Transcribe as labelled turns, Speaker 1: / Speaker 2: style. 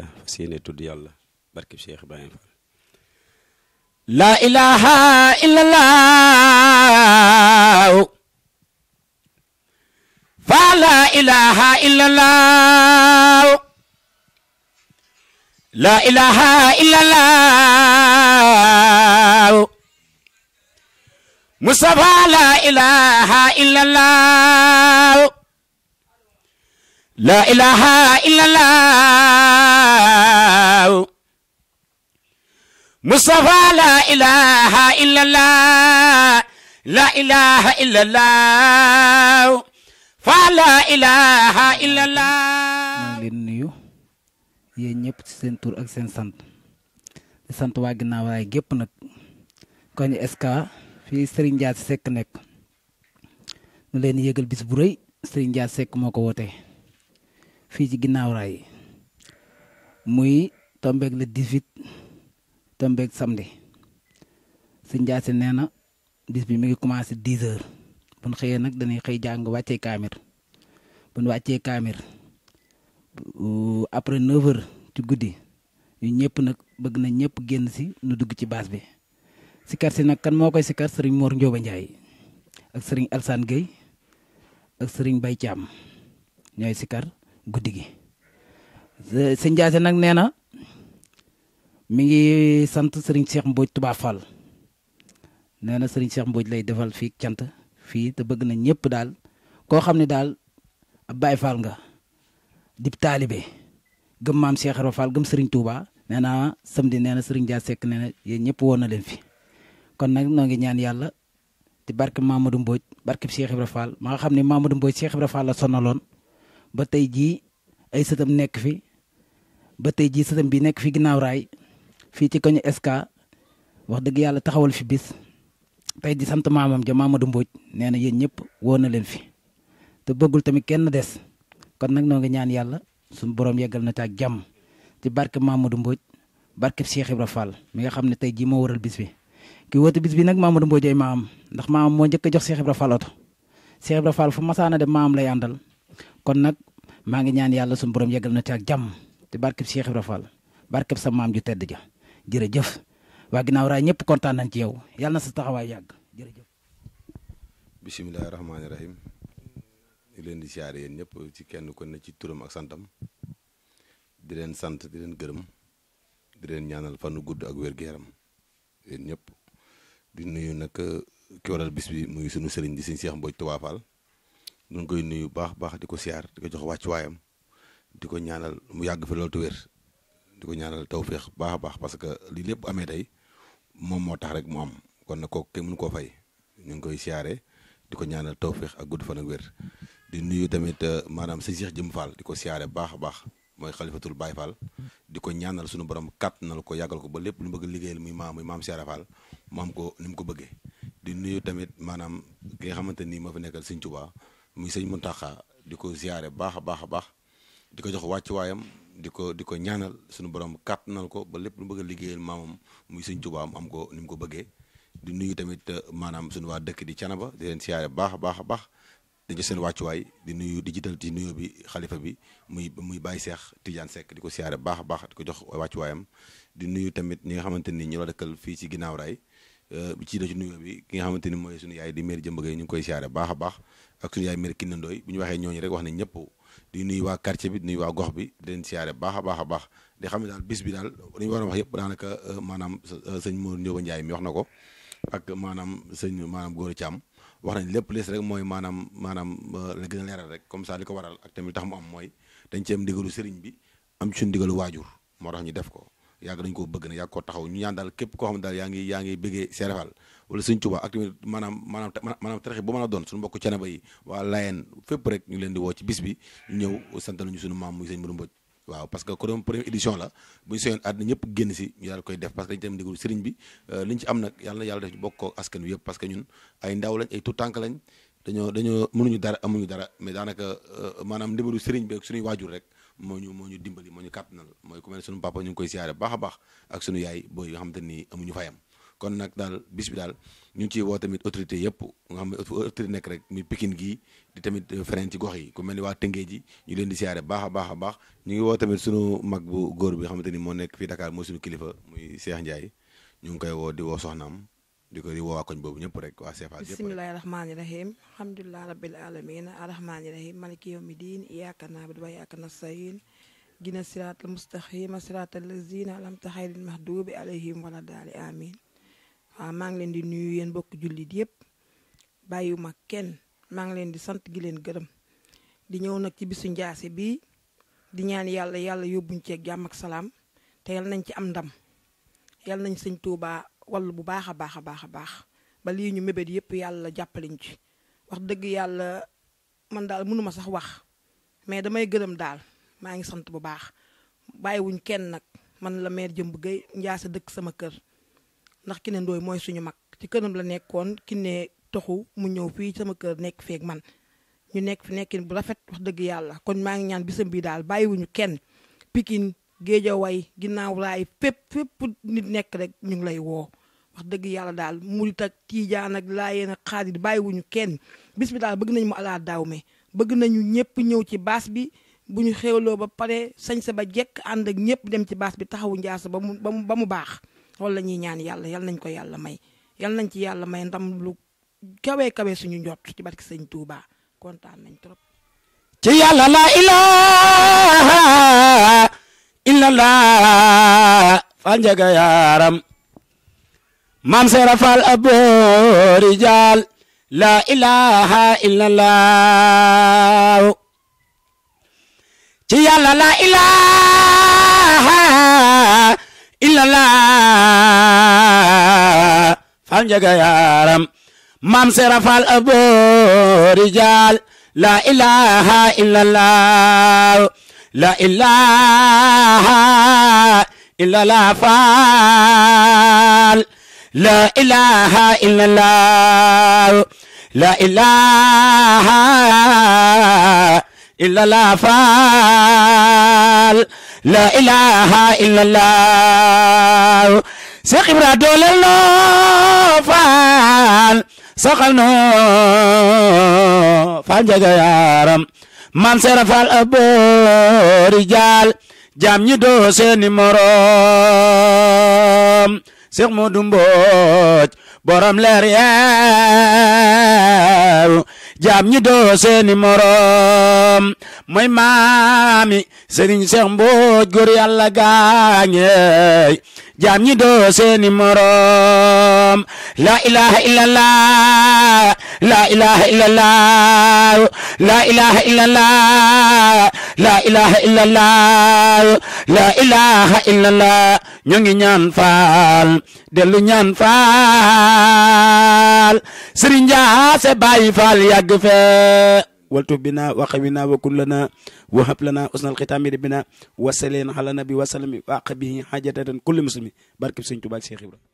Speaker 1: xasida seeni tudd yàlla barkib Cheikh Ibrahim
Speaker 2: Fall laa ilaha fa laa ilaha illallah Mustafa laa ilaha illallah laa ilaha illallah Mustafa la ilaha illallah la ilaha illallah fa la ilaha illallah.
Speaker 1: maa leen nuyu yéen ñëpp ci seen tur ak seen sant di sant waa ginnaaw gépp nag koñ Escale fii Serigne Ndiasse Seck nekk ñu leen yëgal bis bu rëy Serigne Ndiasse Seck moo ko woote fii ci ginnaaw raay muy tombeeg le 18. tombeeg samedi sëñ Ndiassé nee na bis bi mi ngi commencé 10 heures bu xëyee nag dañuy xëy jàng wàccee kaamir bu ñu wàccee kaamir après 9 heures ci guddi ñun ñëpp nag bëgg na ñëpp génn si nu dugg ci baas bi. sikar si nag kan moo koy si sikar sëriñ Mor Ndioba Ndiaye ak sëriñ Alsane Gueye ak sëriñ Bay Thiam ñooy sikar guddi gi sëñ Ndiassé nag nee mi ngi sant Serigne Cheikh mbooj Touba Fall nee na Serigne Cheikh Mbodj lay defal fii cant fii te bëgg na ñëpp daal koo xam ne daal ab Baye Fall nga dib be gëm maam Cheikh Ibra Fall gëm Serigne Touba nee naa samedi nee na Serigne Dia Seck nee na yéen ñëpp woon na leen fi kon nag noo ngi ñaan yàlla di barke Mamadou Mbodj barke Cheikh Ibra Fall ma nga xam ne Mamadou Mbodj seek Ibra Fall la sonaloon ba tey jii ay sëtam nekk fi ba tey jii sëtam bi nekk fi ginnaaw raay fii ci koñu SK wax dëgg yàlla taxawal fi bis tey di sant maamam ja Mamadou Mbodj nee na yéen ñëpp woo na leen fi te bëggul tamit kenn des kon nag noo ngi ñaan yàlla suñu borom yeggal na ci ak jàmm ci barke Mamadou Mbodj barke Cheikh Ibra Fall mi nga xam ne tey jii moo waral bis bi. ki woote bi nag Mamadou Mbodj ay maam ndax maam moo njëkk jox Cheikh Ibra Fall oto fu masaana dem maam lay àndal kon nag maa ngi ñaan yàlla suñu borom yeggal na ci ak jàmm ci barke Cheikh Ibra Fall barke sa maam ju tedd ja. jërëjëf waa ginnaaw raay ñëpp kontaan nañ ci yow yàlla na sa taxawaay yàgg jërëjëf.
Speaker 3: bisimilah rahmaani rahim ñu leen di siyaare yéen ñëpp ci kenn ku ne ci turam ak santam di leen sant di leen gërëm di leen ñaanal fanu gudd ak wér-gu-yaram yéen ñëpp di nuyu nag euh, ki waral bis muy sunu sëriñ di sëñ Cheikh Mbodj Touba Fall ñu ngi koy nuyu baax baax di ko siyaar di ko jox wàcc waayam di ko ñaanal mu yàgg fi loolu te wér di ko ñaanal tawféex baax a baax parce que lii lépp amee tey moom moo tax rek mu am kon nag kooku kenn mënu koo fay ñu ngi koy siyaare di ko ñaanal tawféex ak gudd fan ak wér di nuyu tamit euh, maanaam sëñ Cheikh Jëm Fall di ko siyaare baax a baax mooy xalifatul Baye Fall di ko ñaanal suñu borom kàttanal ko yàggal ko ba lépp lu bëgg liggéeyal muy maam muy maam siyaare Fall mu am ko ni mu ko bëggee di nuyu tamit maanaam ki nga xamante nii moo fi nekkal sëñ Tuubaa muy sëñ Muntaxa di ko siyaare baax a baax a baax di ko jox wàccuwaayam di ko di ko ñaanal suñu borom kàttanal ko ba lépp lu bëgg a liggéeyal maamam muy sëñ Tuubaa am ko ni mu ko bëggee di nuyu tamit euh, maanaam sunu waa dëkk di Thiénaba di leen siyaare baax a baax a baax di seen wàccuwaay di nuyu di jiital ci nuyo bi xalifa bi muy muy Baye Cheikh Tidiane Seck di ko siyaare baax a baax di ko jox wàccuwaayam di nuyu tamit ñi nga xamante ni ñu la dëkkal fii ci ginnaaw raay euh, bi ci da ci nuyo bi ki nga xamante ni mooy suñu yaay di maire jëmbëgay ñu ngi koy siyaare baax a baax ak suñu yaay maire Kiné bu ñu waxee ñooñu rek wax ne ñëpp di nuyu waa quartier bi di nuyu waa gox bi di leen siyaare baax a baax a baax di xam ne daal bis bi daal dañu war a wax yëpp daanaka euh, maanaam euh, sëñ Mor Ndioba Ndiaye mi wax na ko ak maanaam sëñ maanaam Gora Thiam wax nañ lépp lees rek mooy maanaam maanaam euh, la gën a leeral rek comme ça li ko waral ak tamit tax mu am mooy dañ ci am ndigalu sëriñ bi am ci digalu waajur moo tax ñu def ko yàgg dañ koo bëgg na yàgg koo taxaw ñu ñaan daal képp koo xam daal yaa ngi bëggee seerefal wala sëñ Tuubaa ak tamit maanaam maanaam maanaam bu mën a doon suñu mbokk Ceneba yi waa Layeen fépp rek ñu leen di woo ci bis bi ñëw sant nañu suñu maam muy sëñ Mourou Mbodj waaw parce que comme première édition la bu ñu soyoon àddina génn si ñu daal koy def parce que dañu tam ndigalu sëriñ bi euh, li ci am nag yàlla na yàlla def ci bokk ko askan wi yëpp parce que ñun ay ndaw dañoo dañoo mënuñu dara amuñu dara mais daanaka euh, maanaam ndimbalu sëriñ bi ak suñuy waajur rek moo ñu moo ñu dimbali moo ñu kàttanal mooy ku suñu papa ñu ngi koy siyaare baax a baax ak suñu yaay ni amuñu fayam kon nag daal bis bi daal ñu ngi ciy woo tamit autorité yëpp nga xam ne nekk rek muy Pikine gii di tamit euh, feneen ci gox yi ku mel ni waa Tëngéej ji ñu leen di siyaare baax a baax a baax ñu ngi woo tamit suñu mag bu góor bi nga xamante ni moo nekk fii dakaar mooy suñu kilifa muy Cheikh Ndiaye ñu ngi koy woo di woo soxnaam di ko di woo waa koñ boobu ñëpp rek waa CFA yëpp bisimilahi
Speaker 4: rahmaani rahim alhamdulilah rabbil alamin arrahmaani rahim maliki yawmi diin iyyaka na'budu wa iyyaka nasta'iin gina siraatal mustaqima siraatal lazina an'amta xayril mahdubi alayhim wala daali amin waaw maa ngi leen di nuyu yéen bokk jullit yëpp bàyyiwuma kenn maa ngi leen di sant gi leen gërëm di ñëw nag ci bisu njaase bi di ñaan yàlla yàlla yóbbuñ ceeg jàmm ak salaam te yàlla nañ ci am ndam yàlla nañ sëñ Tuubaa wàllu bu baax a baax a baax a baax ba lii ñu mébét yëpp yàlla jàppaliñ ci wax dëgg yàlla man daal mënuma sax wax mais damay gërëm daal maa ngi sant bu baax bàyyiwuñ kenn nag man la maire jëmb gay sa dëkk sama kër ndax ki ne ndooy mooy suñu mag ci këram la nekkoon ki ne toxu mu ñëw fii sama kër nekk feeg man ñu nekk fi nekkin bu rafet wax dëgg yàlla kon maa ngi ñaan bisam bii daal bàyyiwuñu kenn pikin way ginnaaw raay fépp fépp nit nekk rek ñu ngi lay woo wax dëgg yàlla daal murit ak tiijaan ak laayeen ak xaadir bàyyiwuñu kenn bis bi daal bëgg nañ mu alaa daaw me bëgg nañu ñëpp ñëw ci baas bi bu ñu loo ba pare sañ sa ba jekk ànd ak ñëpp dem ci baas bi taxawu njaasa ba mu ba mu baax wala ñuy ñaan yàlla yal nañ ko yàlla may yal nañ ci yàlla may ndam lu kawe kawe suñu njott ci barki sëñ Touba kontaan nañ trop. ci yàlla la
Speaker 2: ilaha illallah fa njaga yaaram maam seera faal aboori la ilaha illallah ci yàlla la ilaha illallah faal njaga yaaram maam seera faal aboori la ilaha illallah la faal لا إله إلا الله لا إله إلا الله فال لا إله إلا الله Seex Ibra doole loo faal saxal noo faal njaga yaaram man seera faal aboori jaal jaam ñi doo seeni moroom Seex Moodu Mbooj borom leer yeew jaam ñi doo seeni morom mooy maami Sëriñ Seex Mbooj góor yàlla gaañeey jaam ñi doo seeni moroom la ilaha illallah la ilaha illallah la ilaha illallah la ilaha illallah la ilaha ngi ñaan faal dellu ñaan faal Sëriñ Njaase Baay Faal yàgg fee waltuf bina waqawina wa kullana wa hab lana usnal xitaami rabbina wasaleen ala nabi wasalami wa aqabihi xaajatatan kulli muslimi barkib sëñ Tuubaa ak Cheikh Ibra